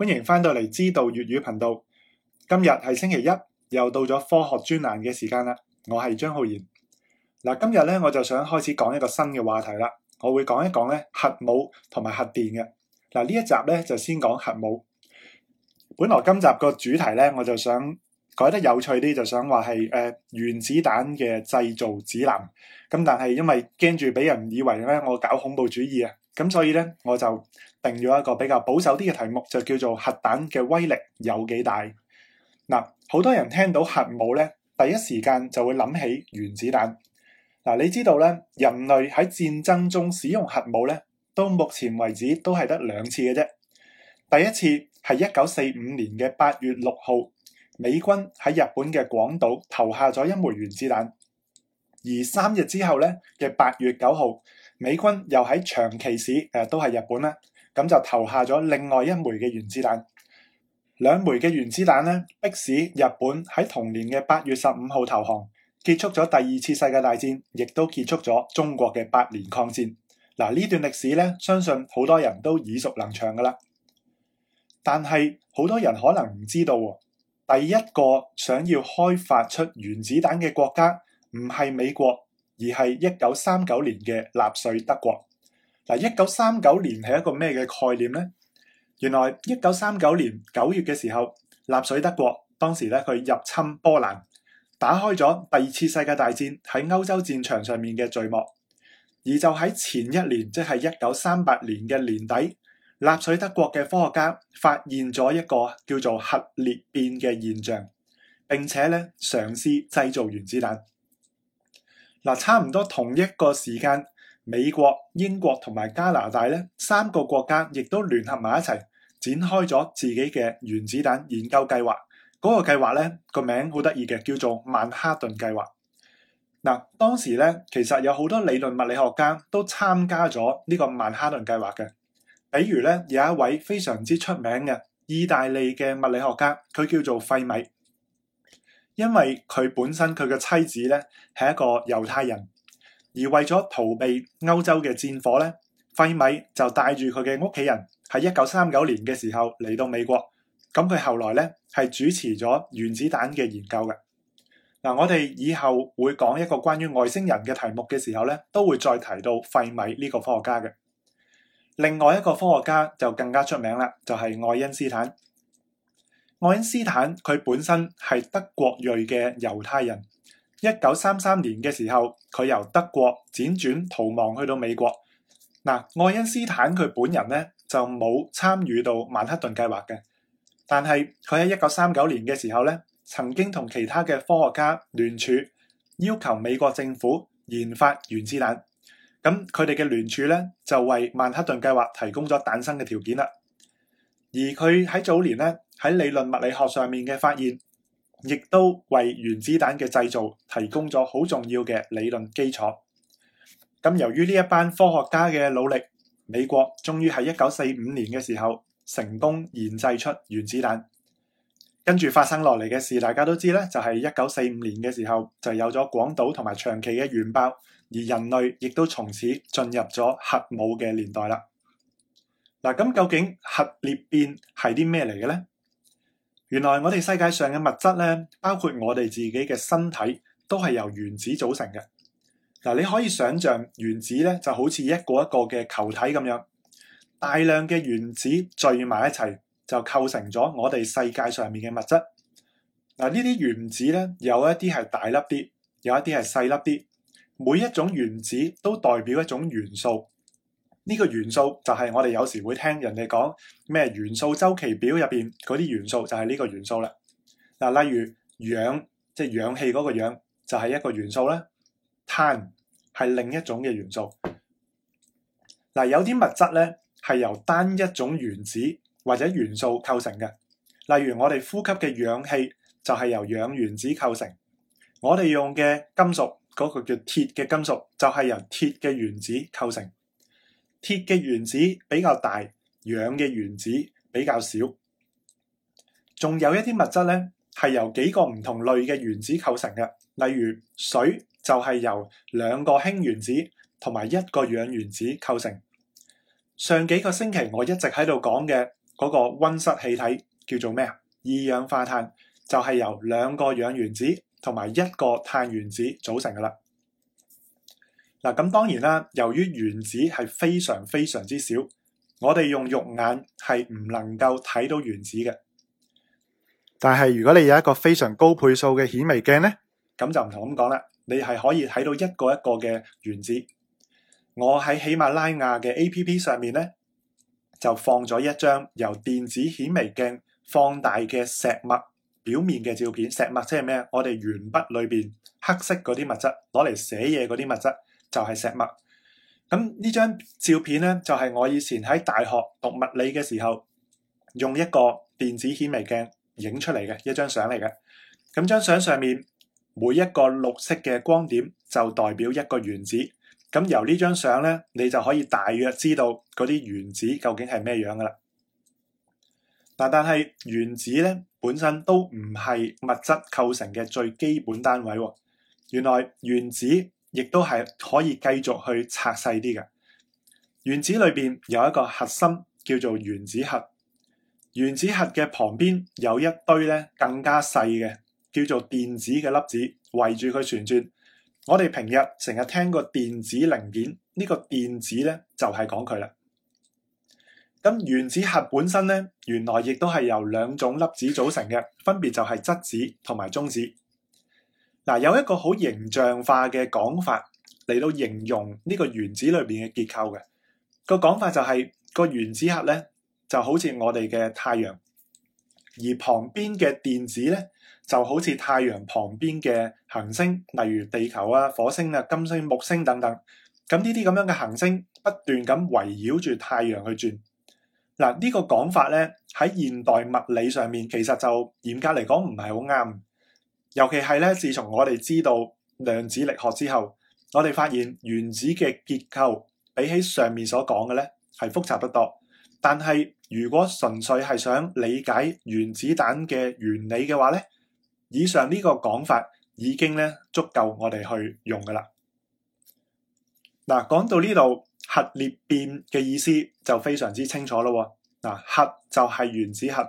歡迎翻到嚟知道粵語頻道。今日係星期一，又到咗科學專欄嘅時間啦。我係張浩然。嗱，今日咧我就想開始講一個新嘅話題啦。我會講一講咧核武同埋核電嘅。嗱，呢一集咧就先講核武。本來今集個主題咧，我就想改得有趣啲，就想話係誒原子彈嘅製造指南。咁但係因為驚住俾人以為咧我搞恐怖主義啊，咁所以咧我就。定咗一個比較保守啲嘅題目，就叫做核彈嘅威力有幾大。嗱，好多人聽到核武咧，第一時間就會諗起原子彈。嗱，你知道咧，人類喺戰爭中使用核武咧，到目前為止都係得兩次嘅啫。第一次係一九四五年嘅八月六號，美軍喺日本嘅廣島投下咗一枚原子彈，而三日之後咧嘅八月九號，美軍又喺長崎市誒、呃，都係日本啦。咁就投下咗另外一枚嘅原子彈，兩枚嘅原子彈呢，迫使日本喺同年嘅八月十五號投降，結束咗第二次世界大戰，亦都結束咗中國嘅八年抗戰。嗱，呢段歷史呢，相信好多人都耳熟能詳噶啦。但係好多人可能唔知道，第一個想要開發出原子彈嘅國家唔係美國，而係一九三九年嘅納粹德國。嗱，一九三九年係一個咩嘅概念呢？原來一九三九年九月嘅時候，納粹德國當時咧佢入侵波蘭，打開咗第二次世界大戰喺歐洲戰場上面嘅序幕。而就喺前一年，即係一九三八年嘅年底，納粹德國嘅科學家發現咗一個叫做核裂變嘅現象，並且咧嘗試製造原子彈。嗱，差唔多同一個時間。美國、英國同埋加拿大咧，三個國家亦都聯合埋一齊展開咗自己嘅原子彈研究計劃。嗰、那個計劃咧個名好得意嘅，叫做曼哈頓計劃。嗱、啊，當時咧其實有好多理論物理學家都參加咗呢個曼哈頓計劃嘅，比如咧有一位非常之出名嘅意大利嘅物理學家，佢叫做費米，因為佢本身佢嘅妻子咧係一個猶太人。而為咗逃避歐洲嘅戰火咧，費米就帶住佢嘅屋企人喺一九三九年嘅時候嚟到美國。咁佢後來咧係主持咗原子彈嘅研究嘅。嗱，我哋以後會講一個關於外星人嘅題目嘅時候咧，都會再提到費米呢個科學家嘅。另外一個科學家就更加出名啦，就係愛因斯坦。愛因斯坦佢本身係德國裔嘅猶太人。一九三三年嘅時候，佢由德國輾轉逃亡去到美國。嗱、呃，愛因斯坦佢本人呢就冇參與到曼克頓計劃嘅，但係佢喺一九三九年嘅時候呢，曾經同其他嘅科學家聯署，要求美國政府研發原子彈。咁佢哋嘅聯署呢就為曼克頓計劃提供咗誕生嘅條件啦。而佢喺早年呢喺理論物理學上面嘅發現。亦都為原子彈嘅製造提供咗好重要嘅理論基礎。咁由於呢一班科學家嘅努力，美國終於喺一九四五年嘅時候成功研製出原子彈。跟住發生落嚟嘅事，大家都知咧，就係一九四五年嘅時候就有咗廣島同埋長崎嘅原爆，而人類亦都從此進入咗核武嘅年代啦。嗱，咁究竟核裂變係啲咩嚟嘅呢？原來我哋世界上嘅物質咧，包括我哋自己嘅身體，都係由原子組成嘅。嗱，你可以想象原子咧，就好似一個一個嘅球體咁樣，大量嘅原子聚埋一齊就構成咗我哋世界上面嘅物質。嗱，呢啲原子咧，有一啲係大粒啲，有一啲係細粒啲。每一種原子都代表一種元素。呢個元素就係我哋有時會聽人哋講咩元素周期表入邊嗰啲元素就係呢個元素啦。嗱，例如氧即係氧氣嗰個氧就係一個元素啦。碳係另一種嘅元素。嗱，有啲物質咧係由單一種原子或者元素構成嘅，例如我哋呼吸嘅氧氣就係由氧原子構成。我哋用嘅金屬嗰個叫鐵嘅金屬就係由鐵嘅原子構成。鐵嘅原子比較大，氧嘅原子比較少。仲有一啲物質呢，係由幾個唔同類嘅原子構成嘅。例如水就係由兩個氫原子同埋一個氧原子構成。上幾個星期我一直喺度講嘅嗰個温室氣體叫做咩？二氧化碳就係由兩個氧原子同埋一個碳原子組成㗎喇。嗱，咁當然啦。由於原子係非常非常之少，我哋用肉眼係唔能夠睇到原子嘅。但係如果你有一個非常高倍數嘅顯微鏡呢，咁就唔同咁講啦。你係可以睇到一個一個嘅原子。我喺喜馬拉雅嘅 App 上面呢，就放咗一張由電子顯微鏡放大嘅石墨表面嘅照片。石墨即係咩？我哋鉛筆裏邊黑色嗰啲物質，攞嚟寫嘢嗰啲物質。就係石墨，咁呢張照片呢，就係、是、我以前喺大學讀物理嘅時候，用一個電子顯微鏡影出嚟嘅一張相嚟嘅。咁張相上面每一個綠色嘅光點就代表一個原子，咁由呢張相呢，你就可以大約知道嗰啲原子究竟係咩樣㗎喇。嗱，但係原子呢，本身都唔係物質構成嘅最基本單位，喎，原來原子。亦都係可以繼續去拆細啲嘅。原子裏邊有一個核心叫做原子核，原子核嘅旁邊有一堆咧更加細嘅叫做電子嘅粒子圍住佢旋轉。我哋平日成日聽個電子零件，呢個電子咧就係講佢啦。咁原子核本身咧原來亦都係由兩種粒子組成嘅，分別就係質子同埋中子。嗱，有一個好形象化嘅講法嚟到形容呢個原子裏邊嘅結構嘅，這個講法就係、是、個原子核咧就好似我哋嘅太陽，而旁邊嘅電子咧就好似太陽旁邊嘅行星，例如地球啊、火星啊、金星、木星等等。咁呢啲咁樣嘅行星不斷咁圍繞住太陽去轉。嗱，這個，呢個講法咧喺現代物理上面其實就嚴格嚟講唔係好啱。尤其係咧，自從我哋知道量子力學之後，我哋發現原子嘅結構比起上面所講嘅咧，係複雜得多。但係如果純粹係想理解原子彈嘅原理嘅話咧，以上呢個講法已經咧足夠我哋去用㗎喇。嗱，講到呢度，核裂變嘅意思就非常之清楚啦。嗱，核就係原子核，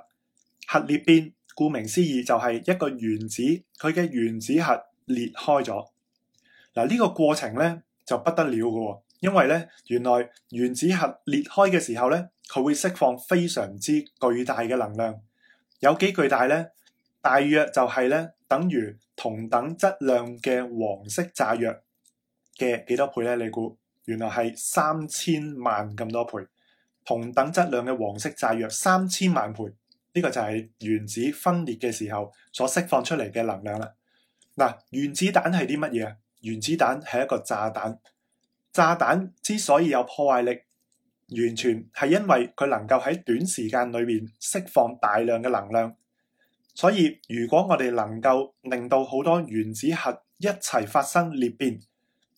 核裂變。顧名思義就係一個原子，佢嘅原子核裂開咗。嗱、這、呢個過程咧就不得了噶，因為咧原來原子核裂開嘅時候咧，佢會釋放非常之巨大嘅能量。有幾巨大咧？大約就係咧等於同等質量嘅黃色炸藥嘅幾多倍咧？你估？原來係三千萬咁多倍，同等質量嘅黃色炸藥三千萬倍。呢個就係原子分裂嘅時候所釋放出嚟嘅能量啦。嗱，原子彈係啲乜嘢啊？原子彈係一個炸彈，炸彈之所以有破壞力，完全係因為佢能夠喺短時間裏面釋放大量嘅能量。所以如果我哋能夠令到好多原子核一齊發生裂變，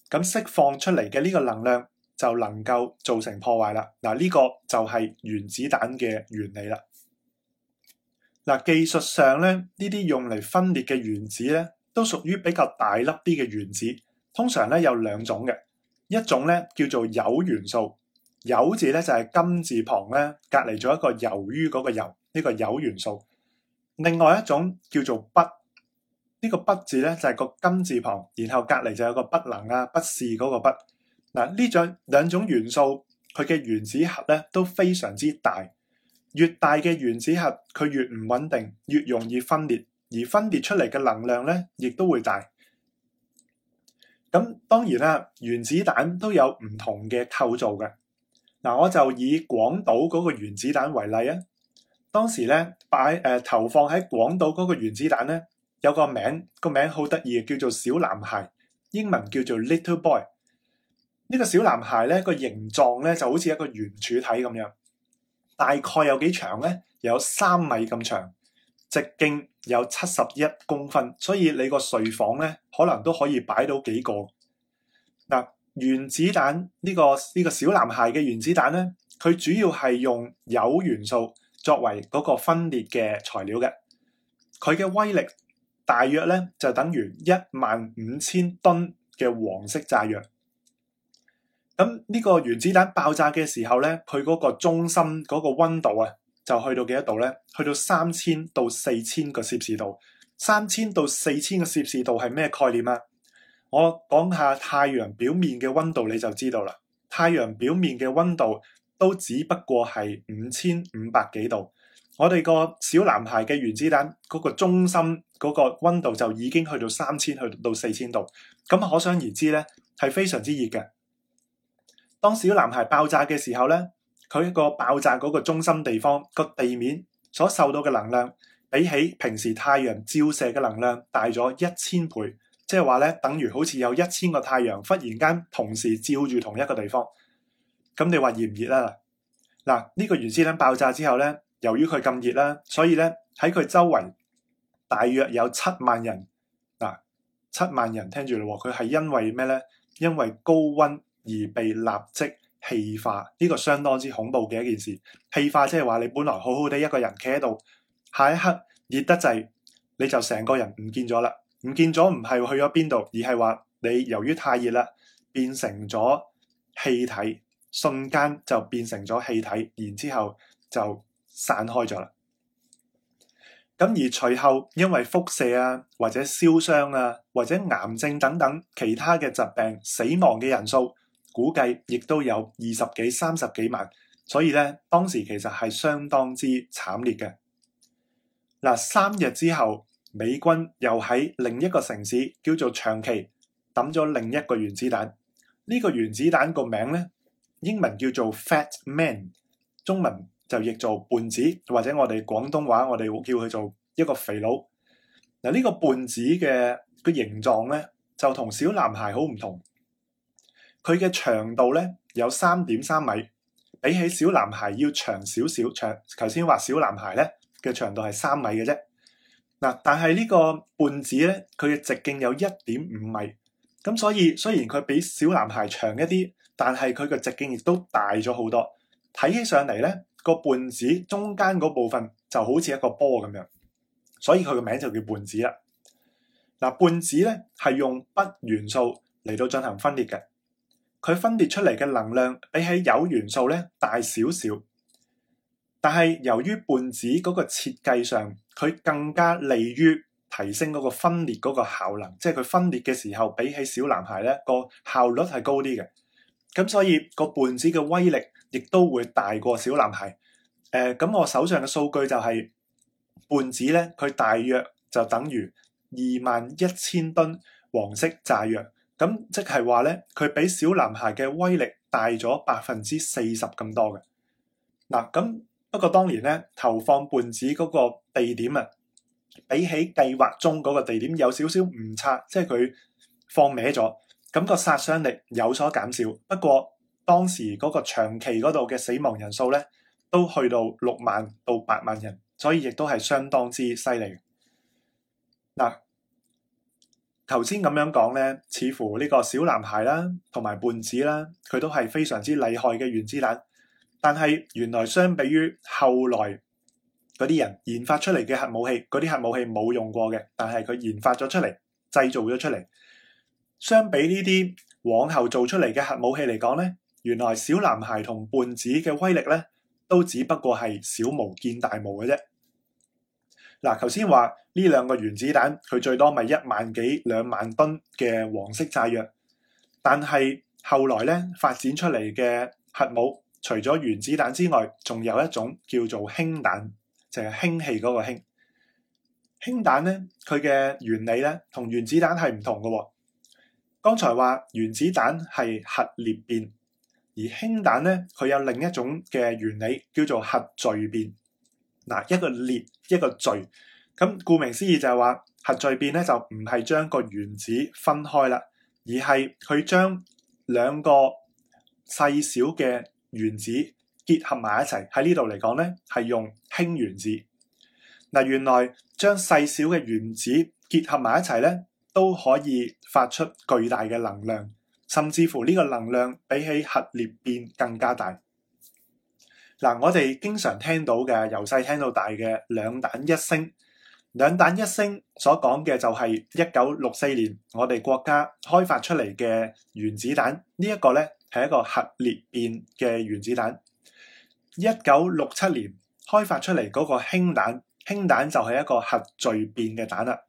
咁釋放出嚟嘅呢個能量就能夠造成破壞啦。嗱，呢個就係原子彈嘅原理啦。嗱，技術上咧，呢啲用嚟分裂嘅原子咧，都屬於比較大粒啲嘅原子。通常咧有兩種嘅，一種咧叫做鈾元素，鈾字咧就係金字旁咧，隔籬咗一個由於嗰個由呢、這個鈾元素。另外一種叫做钚，呢、這個钚字咧就係個金字旁，然後隔籬就有個不能啊不是嗰個不。嗱呢種兩種元素，佢嘅原子核咧都非常之大。越大嘅原子核，佢越唔穩定，越容易分裂，而分裂出嚟嘅能量咧，亦都會大。咁當然啦，原子彈都有唔同嘅構造嘅。嗱，我就以廣島嗰個原子彈為例啊。當時咧擺誒投放喺廣島嗰個原子彈咧，有個名個名好得意嘅，叫做小男孩，英文叫做 Little Boy。呢個小男孩咧個形狀咧就好似一個圓柱體咁樣。大概有幾長咧？有三米咁長，直徑有七十一公分，所以你個睡房咧可能都可以擺到幾個。嗱、呃，原子彈呢個呢個小男孩嘅原子彈咧，佢主要係用鈾元素作為嗰個分裂嘅材料嘅，佢嘅威力大約咧就等於一萬五千噸嘅黃色炸藥。咁呢個原子彈爆炸嘅時候咧，佢嗰個中心嗰個溫度啊，就去到幾多度咧？去到三千到四千個攝氏度，三千到四千個攝氏度係咩概念啊？我講下太陽表面嘅溫度你就知道啦。太陽表面嘅溫度都只不過係五千五百幾度，我哋個小男孩嘅原子彈嗰個中心嗰個溫度就已經去到三千去到四千度，咁可想而知咧，係非常之熱嘅。當小男孩爆炸嘅時候呢，佢一個爆炸嗰個中心地方個地面所受到嘅能量，比起平時太陽照射嘅能量大咗一千倍，即係話呢，等於好似有一千個太陽忽然間同時照住同一個地方。咁你話熱唔熱啊？嗱，呢個原子彈爆炸之後呢，由於佢咁熱啦，所以呢，喺佢周圍大約有七萬人。嗱，七萬人聽住啦，佢係因為咩呢？因為高温。而被立即氣化，呢個相當之恐怖嘅一件事。氣化即係話你本來好好地一個人企喺度，下一刻熱得滯，你就成個人唔見咗啦。唔見咗唔係去咗邊度，而係話你由於太熱啦，變成咗氣體，瞬間就變成咗氣體，然之後就散開咗啦。咁而隨後因為輻射啊，或者燒傷啊，或者癌症等等其他嘅疾病死亡嘅人數，估計亦都有二十幾、三十幾萬，所以咧當時其實係相當之慘烈嘅。嗱，三日之後，美軍又喺另一個城市叫做長崎，抌咗另一個原子彈。呢、這個原子彈個名咧，英文叫做 Fat Man，中文就譯做胖子，或者我哋廣東話我哋叫佢做一個肥佬。嗱、這個，呢個胖子嘅個形狀咧，就同小男孩好唔同。佢嘅長度咧有三點三米，比起小男孩要長少少長。頭先話小男孩咧嘅長度係三米嘅啫。嗱，但係呢個胖子咧，佢嘅直徑有一點五米，咁所以雖然佢比小男孩長一啲，但係佢嘅直徑亦都大咗好多。睇起上嚟咧，個胖子中間嗰部分就好似一個波咁樣，所以佢個名就叫胖子啦。嗱，胖子咧係用鈈元素嚟到進行分裂嘅。佢分裂出嚟嘅能量比起鈾元素咧大少少，但係由於胖子嗰個設計上，佢更加利於提升嗰個分裂嗰個效能，即係佢分裂嘅時候，比起小男孩咧個效率係高啲嘅。咁所以個胖子嘅威力亦都會大過小男孩。誒、呃，咁我手上嘅數據就係、是、胖子咧，佢大約就等於二萬一千噸黃色炸藥。咁即係話咧，佢比小男孩嘅威力大咗百分之四十咁多嘅。嗱，咁不過當年咧投放胖子嗰個地點啊，比起計劃中嗰個地點有少少誤差，即係佢放歪咗，咁個殺傷力有所減少。不過當時嗰個長崎嗰度嘅死亡人數咧，都去到六萬到八萬人，所以亦都係相當之犀利。嗱。頭先咁樣講咧，似乎呢個小男孩啦，同埋胖子啦，佢都係非常之厲害嘅原子彈。但係原來相比於後來嗰啲人研發出嚟嘅核武器，嗰啲核武器冇用過嘅，但係佢研發咗出嚟，製造咗出嚟，相比呢啲往後做出嚟嘅核武器嚟講咧，原來小男孩同胖子嘅威力咧，都只不過係小巫見大巫嘅啫。嗱，頭先話呢兩個原子彈，佢最多咪一萬幾兩萬噸嘅黃色炸藥。但係後來咧，發展出嚟嘅核武，除咗原子彈之外，仲有一種叫做氫彈，就係氫氣嗰個氫。氫彈咧，佢嘅原理咧，同原子彈係唔同嘅哦。剛才話原子彈係核裂變，而氫彈咧，佢有另一種嘅原理叫做核聚變。嗱，一個裂一個聚，咁顧名思義就係話核聚變咧，就唔係將個原子分開啦，而係佢將兩個細小嘅原子結合埋一齊。喺呢度嚟講咧，係用氫原子。嗱，原來將細小嘅原子結合埋一齊咧，都可以發出巨大嘅能量，甚至乎呢個能量比起核裂變更加大。嗱，我哋經常聽到嘅，由細聽到大嘅兩彈一星，兩彈一星所講嘅就係一九六四年我哋國家開發出嚟嘅原子彈，呢一個呢，係一個核裂變嘅原子彈。一九六七年開發出嚟嗰個氫彈，氫彈就係一個核聚變嘅彈啦。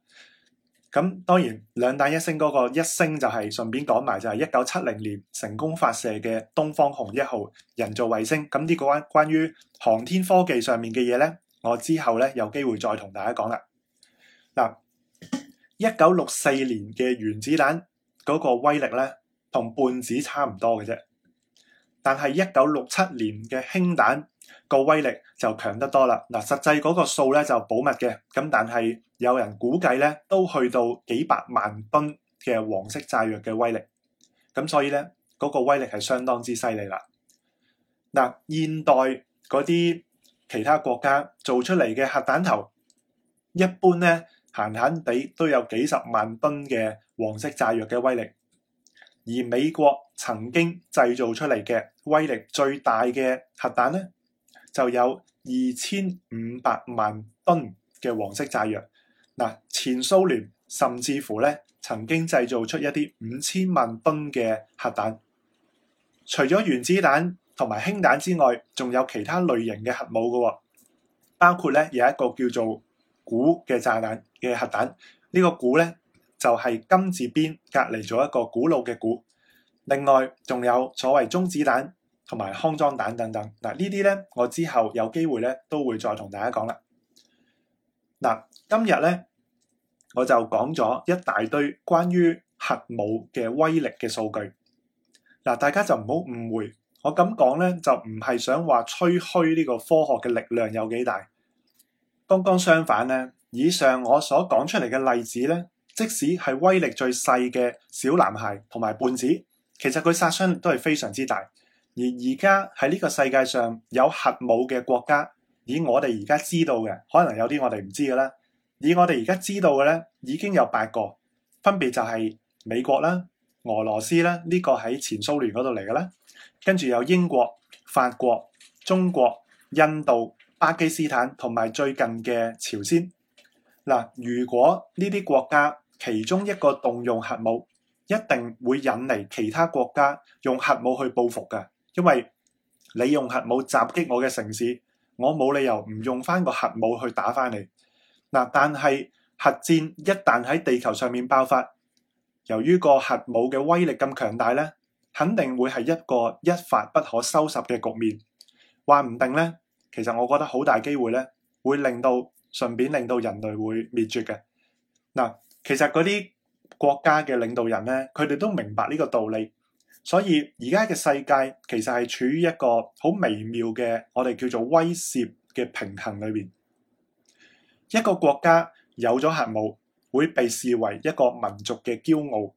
咁當然兩彈一星嗰個一星就係、是、順便講埋就係一九七零年成功發射嘅東方紅一號人造衛星。咁呢個關關於航天科技上面嘅嘢咧，我之後咧有機會再同大家講啦。嗱、啊，一九六四年嘅原子彈嗰個威力咧同胖子差唔多嘅啫，但係一九六七年嘅氫彈，個威力就強得多啦。嗱，實際嗰個數咧就保密嘅，咁但係有人估計咧都去到幾百萬噸嘅黃色炸藥嘅威力，咁所以咧嗰個威力係相當之犀利啦。嗱，現代嗰啲其他國家做出嚟嘅核彈頭，一般咧閒閒地都有幾十萬噸嘅黃色炸藥嘅威力，而美國曾經製造出嚟嘅威力最大嘅核彈咧。就有二千五百萬噸嘅黃色炸藥。嗱，前蘇聯甚至乎咧曾經製造出一啲五千萬噸嘅核彈。除咗原子彈同埋氫彈之外，仲有其他類型嘅核武㗎。哦，包括咧有一個叫做古嘅炸彈嘅核彈。呢、呢個古咧就係、是、金字邊隔離咗一個古老嘅古。另外仲有所謂中子彈。同埋康裝彈等等。嗱，呢啲呢，我之後有機會呢，都會再同大家講啦。嗱，今日呢，我就講咗一大堆關於核武嘅威力嘅數據。嗱，大家就唔好誤會，我咁講呢，就唔係想話吹噓呢個科學嘅力量有幾大，剛剛相反呢，以上我所講出嚟嘅例子呢，即使係威力最細嘅小男孩同埋胖子，其實佢殺傷力都係非常之大。而而家喺呢個世界上有核武嘅國家，以我哋而家知道嘅，可能有啲我哋唔知嘅啦。以我哋而家知道嘅咧，已經有八個，分別就係美國啦、俄羅斯啦，呢個喺前蘇聯嗰度嚟嘅啦。跟住有英國、法國、中國、印度、巴基斯坦同埋最近嘅朝鮮。嗱，如果呢啲國家其中一個動用核武，一定會引嚟其他國家用核武去報復嘅。因為你用核武襲擊我嘅城市，我冇理由唔用翻個核武去打翻你。嗱，但係核戰一旦喺地球上面爆發，由於個核武嘅威力咁強大咧，肯定會係一個一發不可收拾嘅局面。話唔定咧，其實我覺得好大機會咧，會令到順便令到人類會滅絕嘅。嗱，其實嗰啲國家嘅領導人咧，佢哋都明白呢個道理。所以而家嘅世界其實係處於一個好微妙嘅我哋叫做威懾嘅平衡裏邊。一個國家有咗核武會被視為一個民族嘅驕傲，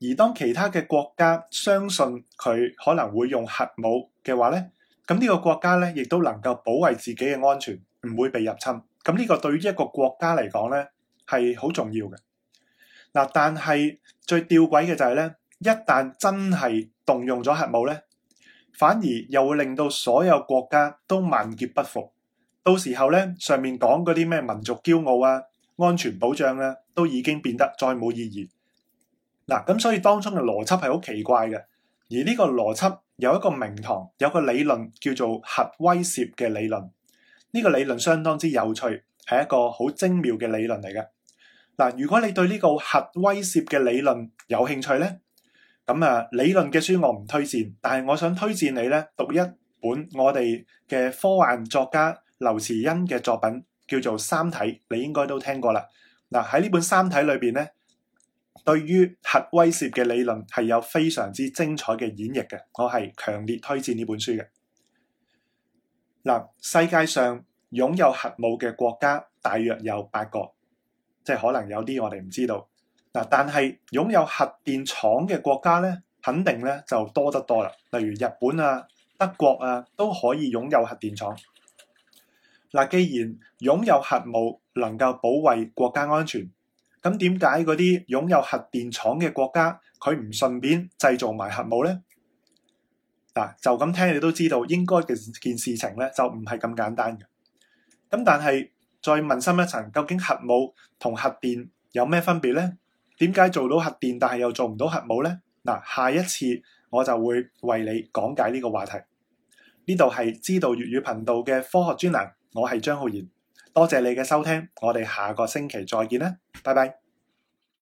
而當其他嘅國家相信佢可能會用核武嘅話，呢咁呢個國家呢亦都能夠保衛自己嘅安全，唔會被入侵。咁、這、呢個對於一個國家嚟講呢，係好重要嘅。嗱，但係最吊詭嘅就係、是、呢。一旦真係動用咗核武咧，反而又會令到所有國家都萬劫不復。到時候咧，上面講嗰啲咩民族驕傲啊、安全保障啊，都已經變得再冇意義嗱。咁、啊、所以當中嘅邏輯係好奇怪嘅，而呢個邏輯有一個名堂，有個理論叫做核威懾嘅理論。呢、這個理論相當之有趣，係一個好精妙嘅理論嚟嘅嗱。如果你對呢個核威懾嘅理論有興趣咧～咁啊，理論嘅書我唔推薦，但係我想推薦你咧讀一本我哋嘅科幻作家劉慈欣嘅作品，叫做《三體》，你應該都聽過啦。嗱，喺呢本《三體》裏邊咧，對於核威懾嘅理論係有非常之精彩嘅演繹嘅，我係強烈推薦呢本書嘅。嗱，世界上擁有核武嘅國家大約有八個，即係可能有啲我哋唔知道。嗱，但係擁有核電廠嘅國家咧，肯定咧就多得多啦。例如日本啊、德國啊，都可以擁有核電廠。嗱、啊，既然擁有核武能夠保衛國家安全，咁點解嗰啲擁有核電廠嘅國家佢唔順便製造埋核武呢？嗱、啊，就咁聽你都知道，應該嘅件事情咧就唔係咁簡單嘅。咁但係再問深一層，究竟核武同核電有咩分別呢？點解做到核電，但係又做唔到核武呢？嗱，下一次我就會為你講解呢個話題。呢度係知道粵語頻道嘅科學專欄，我係張浩然，多謝你嘅收聽，我哋下個星期再見啦，拜拜。